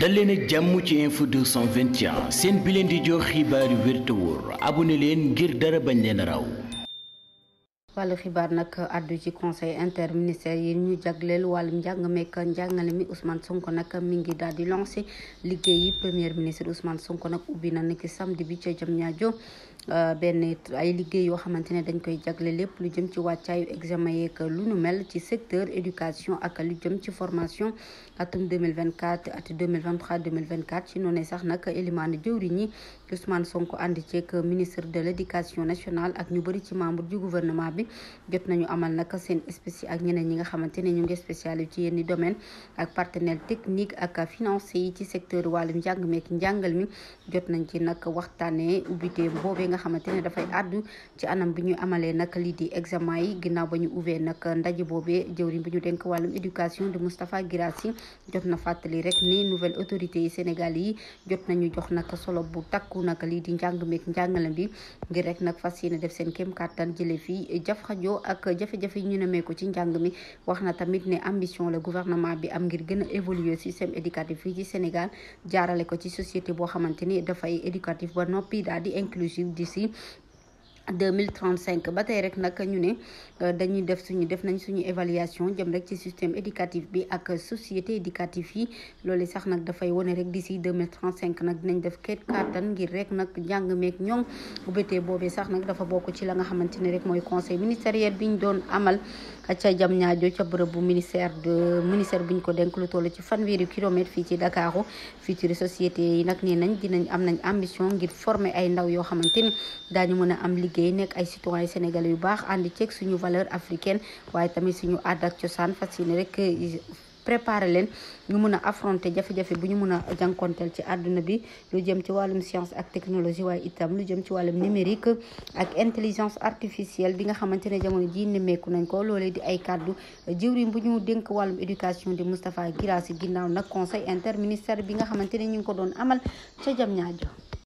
dal leen ak jàmm ci info 221 seen bi leen di jox xibaaru yu wér te leen ngir dara bañ leen raw wàllu xibaar nag addu ci conseil yi ñu jagleel wàllum njàng meek njàngale mi Ousmane Sonko nag mi ngi daal di lancé liggéey yi premier ministre Ousmane Sonko nag ubbi na niki samedi bi ca Diamniadio euh, benn ay liggéey yoo xamante ne dañ koy jagle lépp lu jëm ci wàccaayu examen yeeg lu nu mel ci secteur éducation ak lu jëm ci formation atum 2024 at 2023 2024 ci noonu sax nag élimaane jëwriñ yi Ousmane Sonko ànd ceeg ministre de l' éducation nationale ak ñu bëri ci membre du gouvernement bi jot nañu amal nag seen spécial ak ñeneen ñi nga xamante ne ñu ngi spécial ci yenn domaine ak partenaire technique ak financier yi ci secteur wàllum njàng meek njàngal mi jot nañ ci nag waxtaanee ubbite boobee nga xamante ne dafay àddu ci anam bi ñu amalee nag lii di examen yi ginnaaw ba ñu ubbee nag ndaje boobee jëwriñ bi ñu dénk wàllum éducation de Moustapha Guirassy jot na fàttali rek ni nouvelle autorité yi Sénégal yi jot nañu jox nag solo bu takku nag lii di njàng njàngale bi ngir rek def seen kéem kàttan jëlee fii def ak jafe-jafe ñu ñu nemmeeku ci njàng mi wax na tamit ne ambition la gouvernement bi am ngir gën a évoluer système éducatif fii ci Sénégal jaarale ko ci société boo xamante ni dafay éducatif ba noppi daal di inclusive d'ici deux mille trente cinq ba tey rek nag ñu ne euh, dañuy def suñu def nañ suñu évaluation jëm rek ci système éducatif bi ak société éducative yi loolu sax nag dafay wane rek d'ici deux mille cinq nag dinañ def képp kàttan ngir rek nag njàng meeg ñoom ubbite boobee sax nag dafa bokk ci la nga xamante ne rek mooy conseil ministériel bi ñu doon amal ca jam ñaajo ca bërëb bu ministère ministère bu ko denk lu toll ci fanweeri kilomètre fii ci Dakaaru future société yi nag nee nañ dinañ am nañ ambition ngir former ay ndaw yoo xamante ni mën a am liggéey liggéey nekk ay citoyen sénégalais yu baax ànd ceeg suñu valeur africaine waaye tamit suñu aada ak cosaan fas yéene rek euh, préparer leen ñu mën a affronter jafe-jafe bu ñu mën a jànkoonteel ci àdduna bi lu jëm ci wàllum science ak technologie waaye itam lu jëm ci wàllum numérique ak intelligence artificielle bi nga xamante ne jamono ji nemmeeku nañ ko loolee di ay kàddu euh, jëwriñ bu ñu dénk wàllum éducation di Moustapha Guirassy ginnaaw nag conseil interministériel bi nga xamante ne ñu ngi ko doon amal ca jam ñaajo